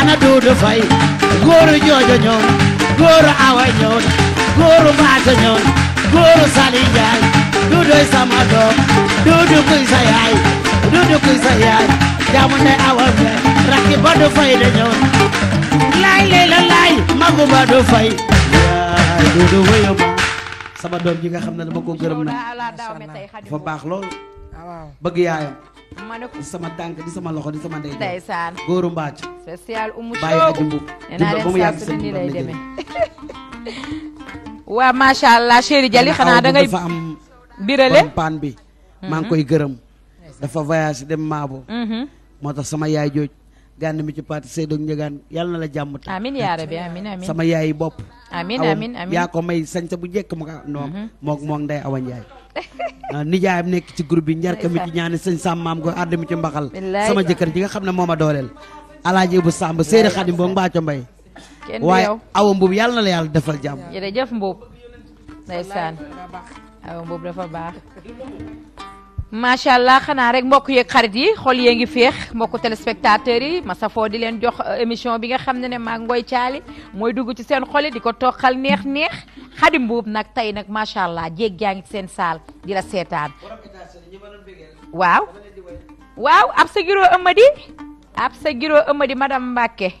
ana Doudou góoru joojo góoru awa góoru baata góoru Sali Njaay sama doom Doudou kuy jaamu ndey awa fay rakki ba du fay dañoo laay leela laay magu ba du fay yaay duudu wëyu ma sama doom ji nga xam ne dama ko gërëm nag dafa baax lool ah, bëgg yaayam ma sama tànk di sama loxo di sama ndey ndeysaan góoru mbaac spécial umu bàyyi aji mbub ba mu yàgg sa nii waa macha allah chéri jali xanaa da ngay dafa am paan bi maa ngi koy gërëm mhm. dafa voyage dem maabo mhm. moo tax sama yaay jooj gànn mi ci parti Seydou Ndiagane yàlla na la jàmm te amiin yaa rabbi sama yaay bopp amiin amiin amiin yaa ko may sañca bu njëkk mu ka noom mook mook nday awa Ndiaye ah, nijaayam nekk ci groupe bi njarka mi ci ñaani sëñ Sam maam ko jëkkër ji nga xam ne mooma dooleel alaaji Ibu Samb Seydou Xadim boog mbaaco mbay waaye awa mbuub yàlla na la yàlla defal jàmm jërëjëf mbuub ndeysaan awa mbuub dafa baax macha allah xanaa rek mbokk yeeg xarit yi xol yee ngi féex mbokku téléspectateurs yi ma safoo di leen jox euh, émission bi nga xam ne ne maa ngoy caali mooy dugg ci seen xoli di ko toqal neex neex xadi mbuub nag tey nag macha allah jéeg jaa ngi seen saal di la seetaan. waaw waaw ab sa giroo ëmmadi ab sa giroo ëmmadi madame Mbacke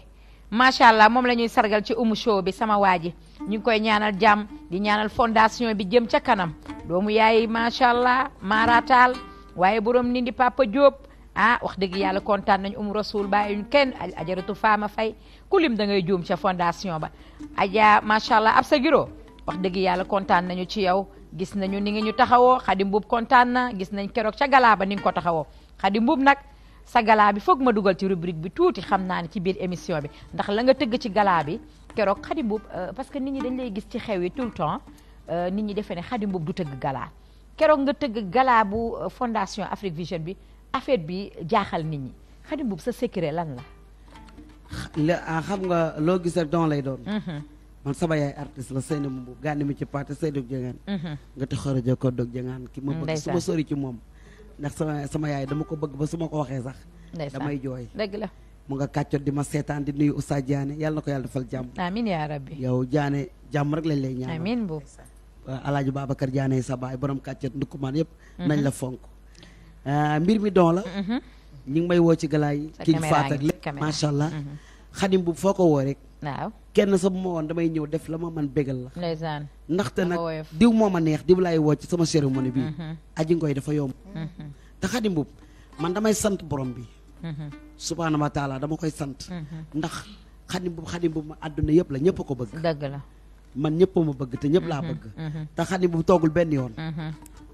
macha allah moom la ñuy sargal ci umu show bi sama waa ji ñu ngi koy ñaanal jàmm di ñaanal fondation bi jëm ca kanam doomu yaay macha allah maarataal waaye borom nindi papa Diop ah wax dëgg yàlla kontaan nañ umu rasul bàyyiñ kenn ajaratu faama fay ku da ngay juum ca fondation ba aja macha allah ab sa giro wax dëgg yàlla kontaan nañu ci yow gis nañu ni nga ñu taxawoo xadi mbuub kontaan na gis nañ keroog ca galaa ba ni nga ko taxawoo xadi mbuub sa galaa bi foog ma dugal ci rubrique bi tuuti xam naa ne ci biir émission bi ndax la nga tëgg ci galaa bi keroog Khady Mboup euh, parce que nit ñi dañ lay gis ci xew yi tout le temps euh, nit ñi defe ne Khady Mboup du tëgg galaa keroog nga tëgg galaa bu euh, fondation Afrique Vision bi affaire bi jaaxal nit ñi Khady Mboup sa secret lan la. la ah, xam nga loo gisa don lay doon. Mhm. man sama yaay artiste la Seynabou Mboup gànn mi ci parti Seydou Diengane. Mhm. nga tax rajo Kodog Diengane ki ci moom. ndax sama sama yaay dama ko bëgg ba su ma ko waxee sax damay jooy la mu nga kàccoot di ma seetaan di nuyu Oustaz Diané yal na ko yàlla defal jàmm amiin yaa rabbi yow Diané jàmm rek lañ lay ñaan amiin bu alaaju Babacar Diané sa baay borom kàccoot ndukkumaan yëpp mhm. nañ la fonk ah, mbir mi don la mhm. ñu ngi may woo ci galaay kii faat ak lépp macha allah mhm. xadim bu foo ko woo rek waaw kenn sa ma woon damay ñëw def la ma man bégal la. ndeysaan ndaxte nag diw moo ma neex diw laay woo ci sama cérémonie bi mm-hmm. aji ngoy dafa yomb. Mm-hmm. te Xadi Mbub man damay sant borom bi. Mm-hmm. subhaana wa taala dama koy sant. ndax Xadi Mbub Xadi Mbub ma àdduna yëpp la ñëpp a ko bëgg. dëgg la man ñëpp ma bëgg te ñëpp laa bëgg. te Xadi Mbub toogul benn yoon.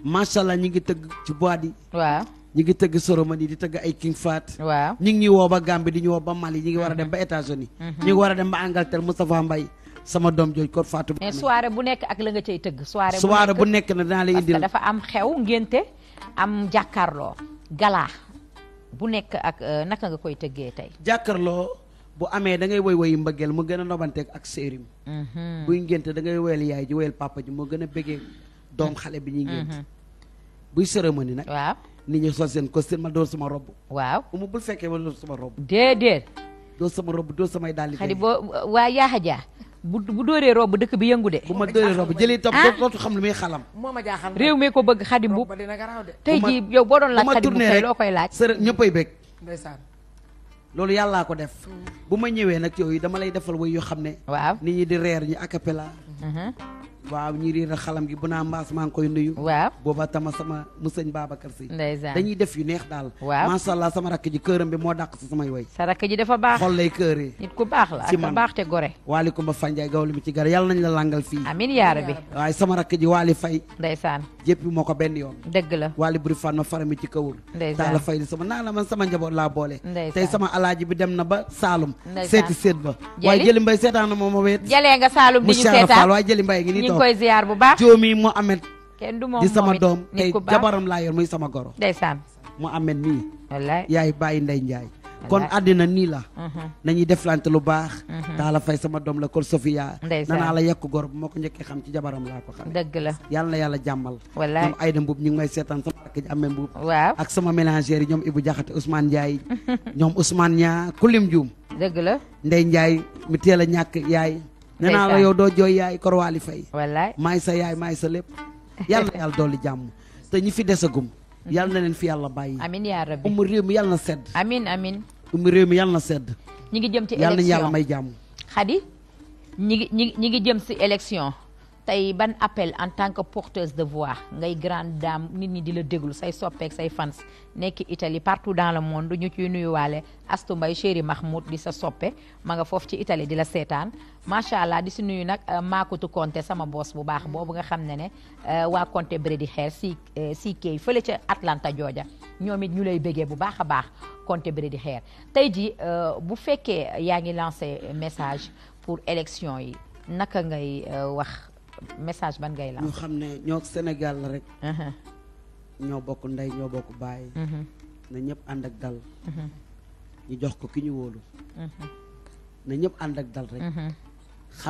macha allah ñu ngi tëgg ci bois di. waaw ñu ngi tëgg Soromani di tëgg ay King Fat. waaw ñi ngi woo ba Gambie di ñu woo ba Mali ñi ngi war a dem ba mhm. États-Unis mhm. ñi ngi war a dem ba Angleterre Moustapha Mbaye sama doom jooju kon Fatou. mais soirée bu nekk ak la nga cay tëgg. soirée bu nekk soirée bu nekk na dinaa la indil. parce dafa am xew ngénte am jàkkaarloo. galaa bu nekk ak euh, naka nga koy tëggee tey. jàkkarloo bu amee da ngay woy woyu mbëggeel mu gën a nobanteeg ak séerim. Mhm. buy ngénte da ngay woyal yaay ji woyal papa moo gën a bëggee doom xale bi ñuy ngénte. buy cérémonie nag. nit ñi sol seen costume ma dóor sama robb waaw umu bul fekkee ma dóor sama robb déedéet dóor sama robb dóor samay dàll xadi boo waa yaaxa jaa bu bu dóoree robb dëkk bi yëngu de bu ma dóoree robb jëli topp ah. dootu xam lu muy xalam moo ma jaaxal réew mi ko bëgg xadi mbub tey jii yow boo doon laaj xadi mbub tey loo koy laaj sër ñëppay bëgg ndeysaan loolu yàllaa ko def mm. bu ma ñëwee nag yow yi dama lay defal way yoo xam ne waaw nit ñi di reer ñi acapella mm-hmm. waaw ñi riir a xalam gi bu naa mbaas maa ngi koy nuyu waaw booba tama sama mu sëñ Babacar Si ndeysaan dañuy def yu neex daal waaw macha allah sama rakk ji këram bi moo dàq si samay way sa rakk ji dafa baax xol lay kër yi nit ku baax la ak baax te waali ko mba fandiay li mu ci gara yàlla nañ la langal fii amiin yaara bi waaye sama rakk ji waali fay ndeysaan yëpp moo ko benn yoon dëgg la waali buri fan ma farami ci kawul ndeysaan a fay di sama naa la man sama njaboot laa boole tey sama alaaji bi dem na ba Saalum seeti seet ba waaye jëli mbay seetaan na moom ma weet jalee nga Saalum di ñu seetaan waaye jëli mbay ngi nii koy ziar bu baax joomi mu amet kenn di sama doom tey jabaram laa yor muy sama goro ndeysaan mu amet nii wallaay yaay bàyyi ndey njaay kon àddina nii la mhm. nañuy deflante lu baax taala mhm. fay sama doom la kon Sofia nanaa la yekk gor bu moo ko njëkkee xam ci jabaram laa ko xam dëgg la yàlla na yàlla jàmmal ñoom Aïda Mbuub ñu ngi may seetaan sama rakk ji amee Mbuub waaw ak sama mélangère yi ñoom Ibu Jaxate Ousmane Ndiaye ñoom Ousmane ñaa kulim juum dëgg la Ndey Ndiaye mi teel a nee naa la yow doo jooy yaay korwaali fay wallaay maay sa yaay maay sa lépp yàlla yàlla dolli jàmm te ñi fi desagum yàlla na leen fi yàlla bàyyi amin yaa rabbi umu réew mi yàlla na sedd amin amin umu réew mi yàlla na sedd ñi ngi jëm ci élection yàlla nañu yàlla may jàmm xadi ñi ngi ñi ngi jëm si élection tey ban appel en tant que porteuse de voix ngay grande dame nit ñi di la déglu say soppeek say fans nekk Italie partout dans le monde ñu ci ciy nuyuwaale Astou Mbaye chéri Mahmoud di sa soppe ma nga foofu ci Italie di la seetaan macha allah di si nuyu nag euh, Makutu Conte sama boos bu baax boobu nga xam ne ne euh, waa Conte Brady Hair si si kii fële ca Atlanta jooja ñoom it ñu lay bëggee bu baax a baax Conte Brady Hair tey ji euh, bu fekkee yaa ngi lancé message pour élection yi naka ngay wax. message ban ngay la ñu xam ne ñoo Sénégal rek uh-huh. ñoo bokk ndey ñoo bokk uh-huh. na ñëpp ànd ak dal uh-huh. jox ko ki ñu wóolu ànd ak dal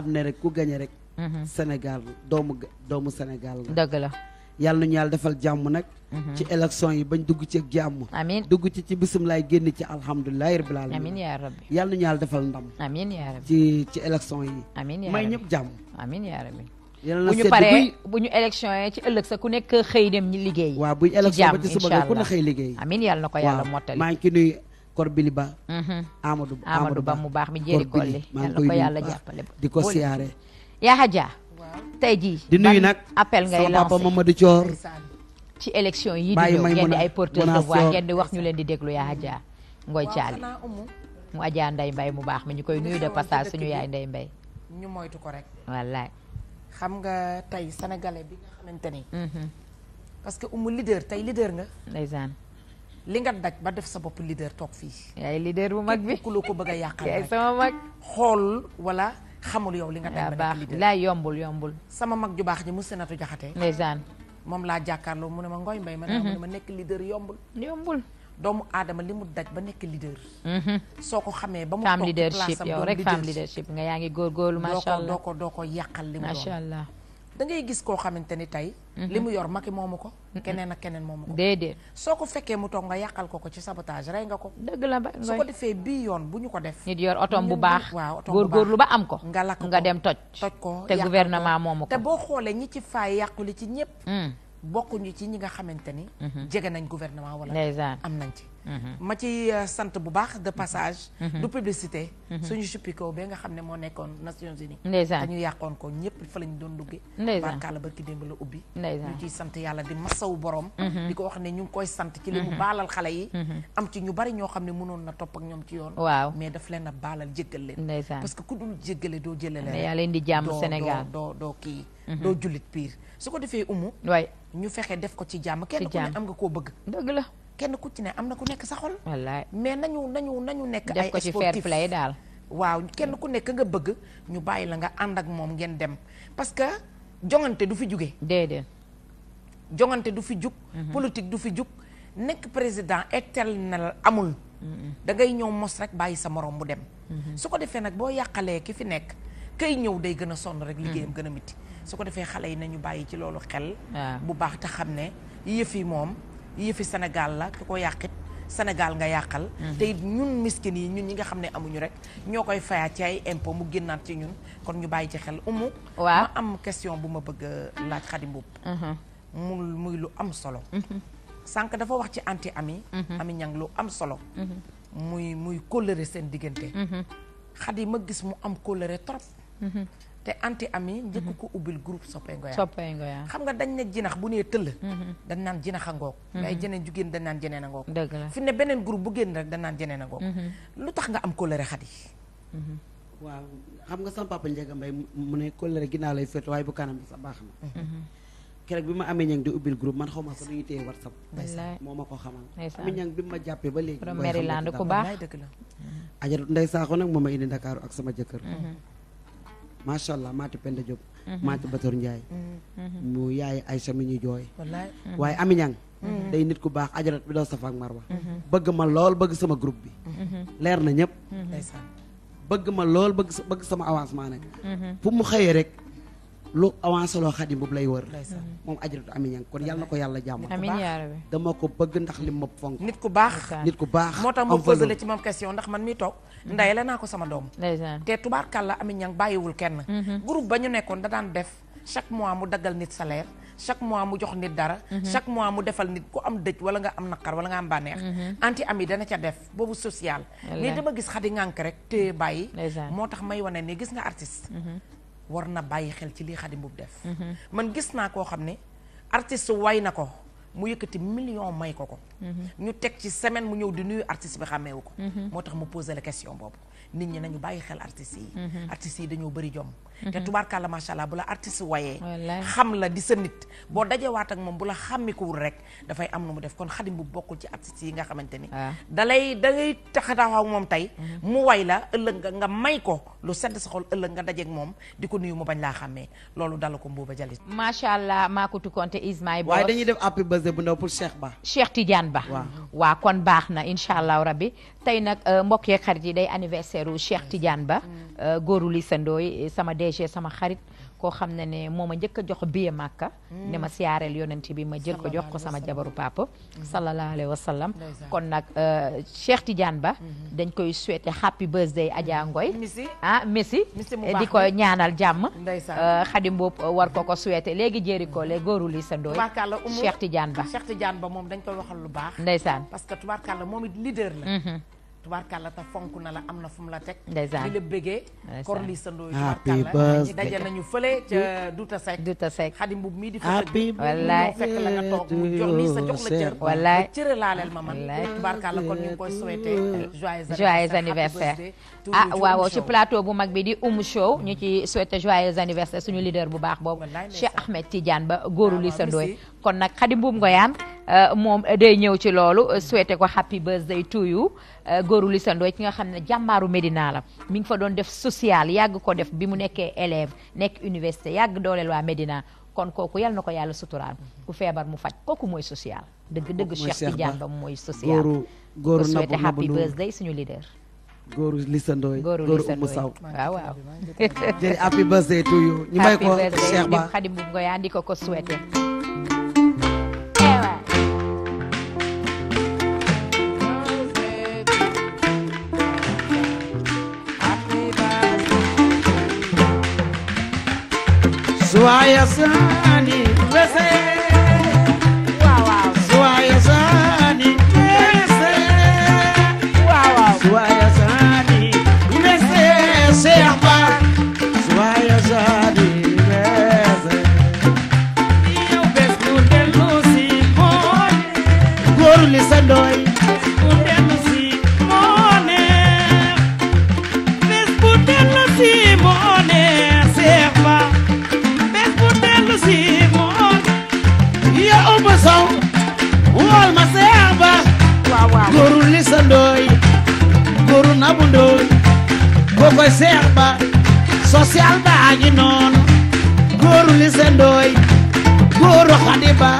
ne rek ku gañe rek Sénégal doomu doomu Sénégal la dëgg la yàlla yàlla defal jàmm nag ci élection yi bañ dugg ci jàmm amiin dugg ci ci bisum laay génn ci alhamdulilahi rabbil yàlla nañu defal ndam amiin yaa ci ci yi amiin yaa may ñëpp jàmm amiin yaa rabbi bu ñu paree bu ñu élection ci ëllëg sa ku nekk xëy dem ñi liggéey waaw bu ñu élection ba ci suba xëy liggéey amin yàlla na ko yàlla mottali maa ngi ki nuy Korbili mhm. Ba Amadou Amadou Ba mu baax mi jëri kolli yàlla na ko yàlla jàppale di ko siyaare yaa Hadja tey jii di nuyu nag appel ngay lancé papa Mamadou Thior ci élection yi di ñëw ngeen di ay porteur de voix ngeen di wax ñu leen di déglu yaa Hadja Ngoy Thiali mu Adja Ndeye mbay mu baax mi ñu koy nuyu de passage suñu yaay Ndeye mbay ñu moytu ko rek wallaay xam nga tey sénégalais bi nga xamante ni. Mhm. parce que umu leader tey leader nga. ndeysaan. li nga daj ba def sa bopp leader toog fii. yaay leader bu mag bi la ko bëgg a yàqal. yaay sama mag xool wala xamul yow li nga. daj ba baax laay yombul yombul. sama mag ju baax ji mu senatu jaxate. ndeysaan. moom laa jàkkaarloo mu ne ma ngooy mbay ma. Mhm. ma nekk leader yombul. yombul. doomu aadama li mu daj ba nekk leader. Mhm. soo ko xamee ba mu toog femme leadership yow rek femme leadership nga yaa ngi góorgóorlu macha allah doo ko doo ko yàqal li mu doon allah da ngay gis koo xamante ni tey mhm. li mu yor maki moomu ko keneen ak keneen moomu ko déedéet soo ko fekkee mu toog nga yàqal ko ko ci sabotage rey nga ko dëgg la ba su ko defee bii yoon bu ñu ko def nit yor otom bu baax waaw góorgóorlu ba am ko nga lakk nga dem toj toj ko te gouvernement moomu ko te boo xoolee ñi ci faay yàquli ci ñëpp mm. bokkuñu ci ñi nga xamante ni. Mhm. jege nañ gouvernement wala. am nañ ci. ma ci euh, sant bu baax de passage. Mhm. du publicité. Mhm. suñu suppikoo ba nga xam ne moo nekkoon Nations Unies. ndeysaan dañu yàqoon ko ñëpp fa lañu doon duggee. ndeysaan barkaala barki démb la ubbi. ndeysaan ñu sant yàlla di masawu borom. Mhm. di ko wax ne ñu ngi koy sant. ci li baalal xale yi. am ci ñu bari ñoo xam ne mënoon na topp ak ñoom ci yoon. waaw mais daf leen a baalal jéggal leen. ndeysaan parce ku dul jéggale doo jëlee leen. mais leen di jàmm Sénégal doo doo kii. doo jullit pire su ko defee umu. waay ñu fexe def ko ci jàmm kenn ku ne am nga koo bëgg dëgg la kenn ku ci ne am na ku nekk sa xol. wallaay mais nañu nañu nañu nekk. ay sportif def ko ci fair play daal. waaw kenn ku nekk nga bëgg ñu bàyyi la nga ànd ak moom ngeen dem parce que jongante du fi jugee. déedéet. jongante du fi jug. Mhm. politique du fi jug nekk président éternel amul. Mhm. da ngay ñëw mos rek bàyyi sa morom mu dem. Mhm. su ko defee nag boo yàqalee ki fi nekk kay ñëw day gën a sonn rek. liggéeyam gën a mitti su ko defee xale yi nañu bàyyi ci loolu xel. bu baax te xam ne yëf yi moom. yëfi Sénégal la ki ko yàqit Sénégal nga yàqal. Mhm. te it ñun miskin yi ñun ñi nga xam ne amuñu rek ñoo koy fayaat ci ay impôt mu génnaat ci ñun kon ñu bàyyi ci xel umu. waaw ma am question bu ma bëgg laaj Khady Mboup. Mhm. mu muy lu am solo. Mhm. sànq dafa wax ci anti ami. ami ñang lu am solo. muy muy kóllëre seen diggante. Khady ma gis mu am kóllëre trop. te anti ami njëkk mhm. ko ubbil groupe soppay ngoya soppay ngoya xam nga dañ ne jinax bu nee tëll mhm. dañ naan jinax a ngoog waaye mhm. jeneen ju génn dañ naan jeneen a ngoog dëgg la bu génn rek dañ naan jeneen a ngoog lu tax nga am kóllëre xat waaw xam nga sama papa Ndiaga Mbaye mu ne kóllëre ginnaaw lay féete waaye bu kanam bi sa baax na keroog bi ma amee ñang di ubbil groupe man xaw ma sax nu ñu téye whatsapp moo ma ko xamal amee ñang bi ma jàppee ba léegi Maryland ku baax ajara nday saaxo nag moo ma indi Ndakaaru ak sama jëkkër macha allah maati Penda Diop. maati mhm. Bator Ndiaye. Mhm. mu yaay ay sa mi ñu jooy. Mhm. waaye Ami Ñang day nit ku baax ajarat bi daw safa ak marwa. bëgg ma lool bëgg sama groupe bi. leer na ñëpp. bëgg ma lool bëgg sama avancement nag. fu mu xëyee rek. lu avancé loo xadim boobu lay wër moom ajratu amiñang kon yàlla na ko yàlla jàmm amiin yaa rabbi dama ko bëgg ndax li ma fonk nit ku baax nit ku baax moo tax ma posé la ci moom question ndax man mi toog mhm. nday la naa ko sama doom te tubaarkàlla amiñang bàyyiwul kenn mhm. groupe ba ñu nekkoon da daan def chaque mois mu daggal nit salaire chaque mois mu jox nit dara mhm. chaque mois mu defal nit ku am dëj wala nga am naqar wala nga am bànneex anti am yi dana ca def boobu social mais dama gis xadi ngànk rek te bàyyi moo tax may wane ne gis nga artiste war na bàyyi xel ci lii Khady Mboup def. Mhm. man gis naa koo xam ne artiste way na ko mu yëkkati million may ko ko. Mhm. ñu teg ci semaine mu ñëw di nuyu artiste bi xàmmeewu ko. Mhm. moo tax mu posé la question boobu nit ñi nañu bàyyi xel artistes yi. artistes yi dañoo bëri jom. te mm-hmm. tubaarkàlla macha allah bu la artiste wayee xam la di sa nit boo dajewaat ak moom bu la xàmmikuwul rek dafay am nu mu def kon xadim bu bokkul ci artiste yi nga xamante ni ah. dalay da ngay taxataxaw moom tey mm-hmm. mu way la ëllëg nga nga may ko lu sedd sa xol ëllëg nga dajeeg moom di ko nuyu mu bañ laa xàmmee loolu dala ko mbuuba jalit macha allah Makutu Konte Ismaay waaye dañuy def appui basé bu ndaw pour Cheikh Ba Cheikh Tidiane Ba waaw kon baax na incha allah rabbi tey nag euh, mbokk yeeg xarit yi day anniversaire u Cheikh Tidiane Ba mm. euh, góoru li sandooy sama DG sama xarit koo xam ne ne moo ma njëkk a jox biye màkka mm. ne ma siyaareel yonent bi ma jël ko jox ko sama jabaru papa mm-hmm. sallallahu alayhi wa sallam kon nag euh, Cheikh Tidiane Ba mm-hmm. dañ koy souhaiter happy birthday Adja mm-hmm. Ngoy ah Messi euh, di ko ñaanal jàmm Xadim sa ndooy Cheikh Tidiane Ba Cheikh Tidiane Ba moom dañ koy waxal lu baax ndeysaan parce que tubaarkàlla moom it leader la tubaarkàlla te fonk na la am na fu mu la teg. ndeysaan di la bëggee. Corly Sandoo tubaarkàlla dañuy daje nañu fële ca Douta Seck. Douta Seck xadim bu mii la nga toog mu jox nii sa jox la cër. wallaay cëre ma ah, waaw ci plateau bu mag bi di Oum Show ñu ci souhaité joyeux anniversaire suñu leader bu baax boobu. Cheikh Ahmed Tidiane ba góoru ah, li sa ndooy kon nag xadim bu ngoyaan euh, moom day ñëw ci loolu souhaité ko happy birthday to you Euh, góoru Lissa Ndoye ki nga xam ne jàmbaaru Médina la mi ngi fa doon def social yàgg ko def bi mu nekkee élève nekk université yàgg dooleel waa Médina kon kooku yal na ko yàlla suturaal ku feebar mu faj kooku mooy social dëgg dëgg Cheikh Tidiane ba mooy social góoru góoru souhaité happy birthday suñu leader góoru Lissa Ndoye happy birthday to you ñu may ko Cheikh di ko ko waaye saani wese ndóol boo seex ba social baa ngi noonu góoru li sa ndooy góoru ba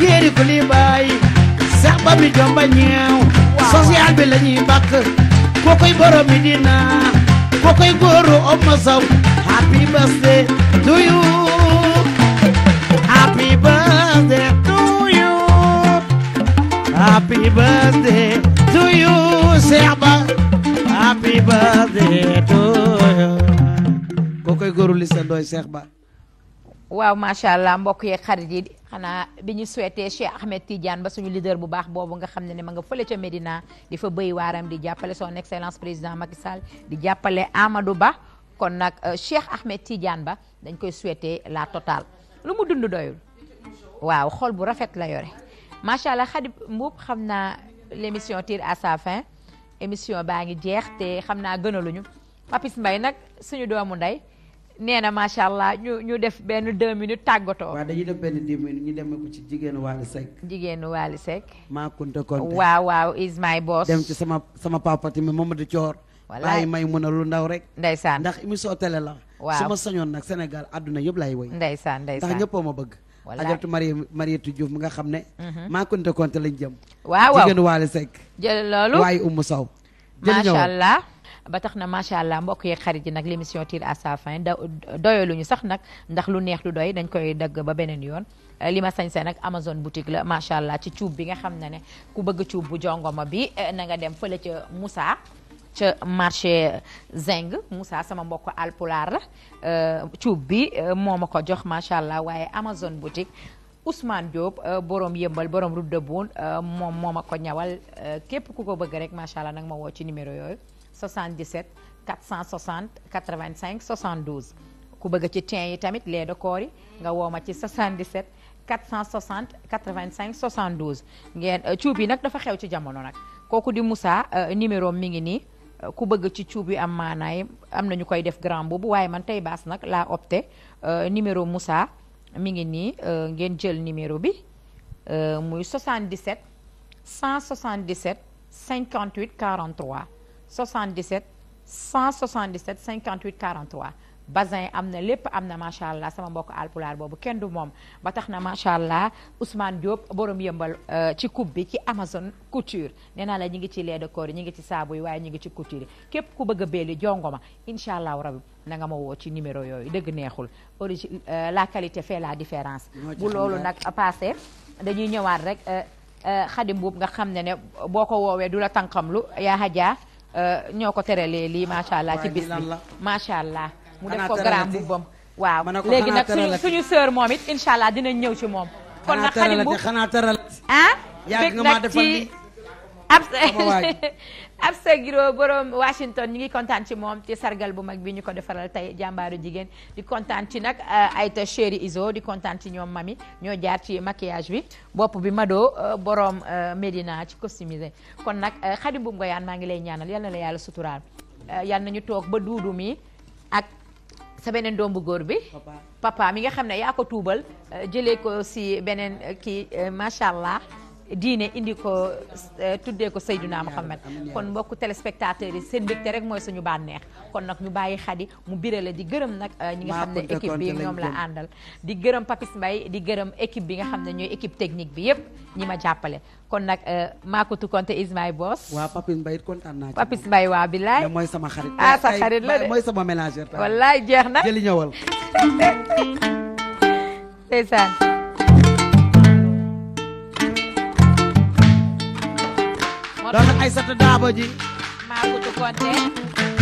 yéeri ku li baay seex ba mi jomba ñeew social bi la bakk koo koy borom mi dina koo happy birthday to you happy birthday to you happy birthday to you seex ba Badru Lissa Ndoye Cheikh Ba. waaw macha allah mbokk yeeg xarit yi xanaa bi ñu souhaité Cheikh Ahmed Tidiane ba suñu leader bu baax boobu nga xam ne ne ma nga fële ca Médina di fa bëy waaram di jàppale son excellence président Macky Sall di jàppale Amadou Ba kon nag euh, Cheikh Ahmed Tidiane Ba dañ koy souhaité la totale lu mu dund doyul waaw xol bu rafet la yore macha allah Khady Mboup xam naa émission tire à sa fin émission baa ngi jeex te xam naa gënaluñu Papis Mbaye nag suñu doomu ndey nee na macha allah ñu ñu def benn deux minutes tàggatoo. waaw dañuy def benn deux minutes ñu demee ko ci jigéenu Waly Seck. jigéenu Waly Seck. maa kunta konte waaw waaw is my boss. dem ci sama sama papa tamit Mamadou Thior. wallaay may mën a lu ndaw rek. nday ndeysaan ndax émission télé la. waaw su ma soñoon nag Sénégal àdduna yëpp lay woy. nday saan ndax ñëpp a ma bëgg. wallaay ajatu Marie Mariette Diouf mi nga xam ne. Mhm. maa kunta konte lañ jëm. waaw waaw jigéenu Waly Seck. jël loolu ba tax na macha allah mbokk yeeg xarit yi nag l'émission tire à sa fin da doyaluñu sax nag ndax lu neex lu doy dañ koy dagg ba beneen yoon eh, li ma sañse nag Amazon boutique la macha allah ci cuub bi nga xam ne ne ku bëgg cuub bu jongoma bi eh, na nga dem fële ca Moussa ca marché Zeng Moussa sama mbokk alpulaar la eh, cuub bi moo ma ko jox macha allah waaye Amazon boutique Ousmane Diop borom yëmbal borom route de Boune moom a ko ñawal képp ku ko bëgg rek macha allah nag ma woo ci numéro yooyu. 77 460 85 72 ku bëgg ci tin yi tamit lee de corps yi nga woo ma ci 77 460 85 72 ngeen euh, cuub yi nag dafa xew ci jamono nag kooku di Moussa euh, numéro mi ngi nii euh, ku bëgg ci cuub yu am maanaay am na ñu koy def grand boobu waaye man tey baas nag laa opté numéro Moussa mi ngi nii ngeen jël numéro bi muy 77 177 58 43 77 177 58 43 bazin am na lépp am na macha allah sama mbokk alpulaar boobu kenn du moom ba tax na macha allah Ousmane Diop borom yëmbal euh, ci coupe bi ci Amazon couture nee naa la ñu ngi ci lait de corps yi ñu ngi ci saabu yi waaye ñu ngi ci couture yi képp ku bëgg a beeli jongo ma incha allah rabi na nga ma woo ci numéro yooyu dëgg neexul origine euh, la qualité fait la différence. bu loolu nag passé dañuy ñëwaat rek xadim euh, boobu nga xam ne ne boo ko woowee du la tànqamlu yaa xajaa Euh, ñoo ko terelee lii macha allah ci bis bi macha allah mu def ko grand mbubbam waaw léegi nag suñu suñu sœur moom it incha allah dinañ ñëw ci moom. kon nag xadim bu xanaa tëralati ah. yàgg nga Absa Giro borom Washington ñu ngi kontaan ci moom ci sargal bu mag bi ñu ko defaral tey jàmbaaru jigéen di kontaan ci nag euh, Aïta Chéri Iso di kontaan ci ñoom mami ñoo jaar ci maquillage bi bopp bi madoo euh, borom euh, Medina ci customisé kon nag Xadi Mbuub Ngoyaan maa ngi lay ñaanal yal na la yàlla suturaal yal na ñu toog ba duudu mi ak sa beneen doom bu góor bi. papa mi nga xam ne yaa ko tuubal jëlee ko si beneen kii macha allah. diine indi ko eh, tuddee ko Seydina Muhammad kon mbokku téléspectateurs yi seen mbégte rek mooy suñu bànneex kon nag ñu bàyyi xadi mu biré la di gërëm nag eh, ñi nga xam ne équipe bi ñoom la àndal di gërëm Papis mbay di gërëm équipe bi nga xam ne ñooy équipe technique bi yëpp ñi ma jàppale kon nag eh, Makotou Konté is my boss waa Papis mbay kontaan naa ci Papis Mbaye waa bilaay mooy sama xarit ah sa xarit la de mooy sama mélangeur wallaay jeex na jëli ñëwal ndeysaan doon na Aysata Daabo ji maa ko ci konte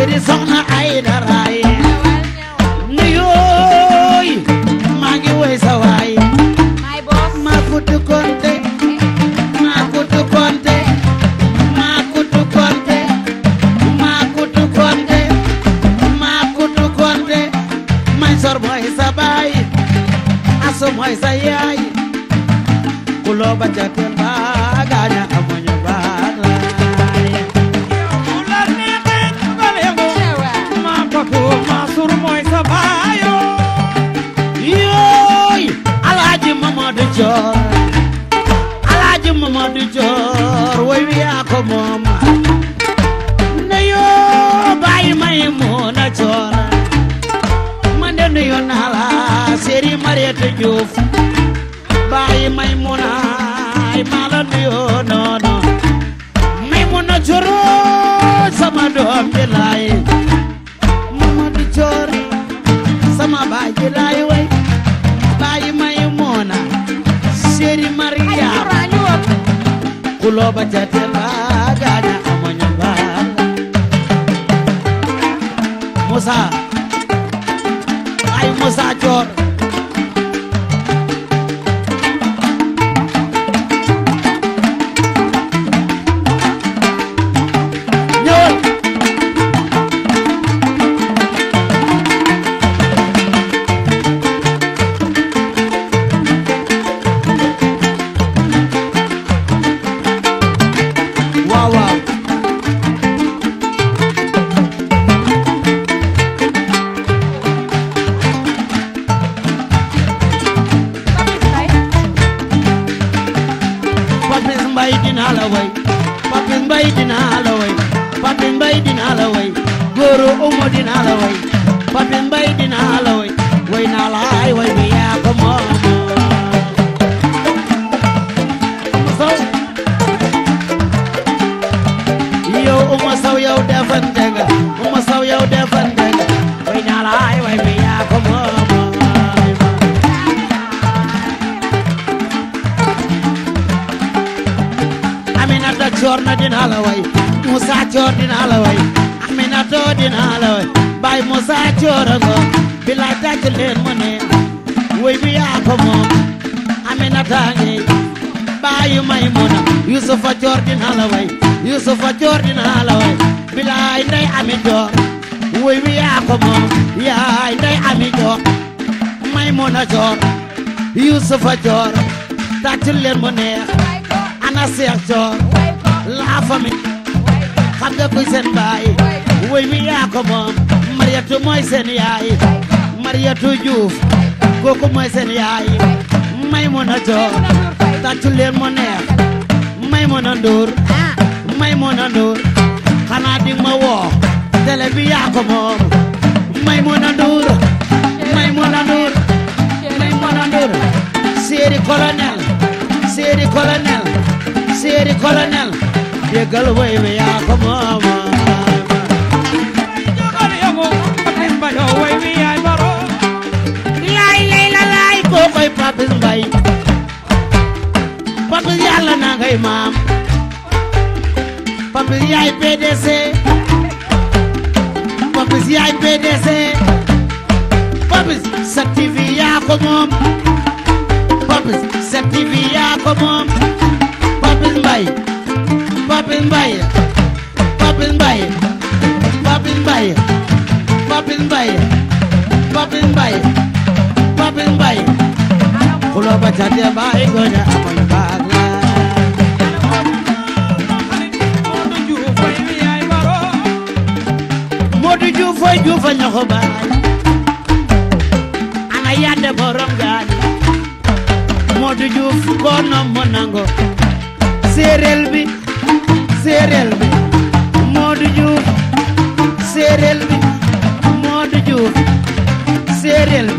jëri soxna fa joor tàccu leen mu neex ana seex joor xam nga kuy seen baay wéy wi yaa ko moom Mariatu mooy seen yaay Mariatu Juuf kooku mooy seen yaay Maymuna Joor tàccu leen mu neex Maymuna Nduur Maymuna Nduur xanaa di ma woo télé bi yaa ko moom Maymuna Nduur colonel Sidi lay la laay koo koy Papis Mbaye Papis yàlla na ngay maam Papis yaay PDC PDC Papis sa TV ko moom 7TV yaa ko moom Papis Mbaye Papis Mbaye Papis Mbaye Papis Mbaye Papis Mbaye Papis Mbaye Papis Mbaye xuloo ba ca dee ba ay goña amoon baag la Modou Diouf fooy Diouf a ñoxo baay ana yàdde borom gaani Modou Diouf ko nomb nango séeréel bi séeréel bi Modou Diouf séeréel bi Modou Diouf séeréel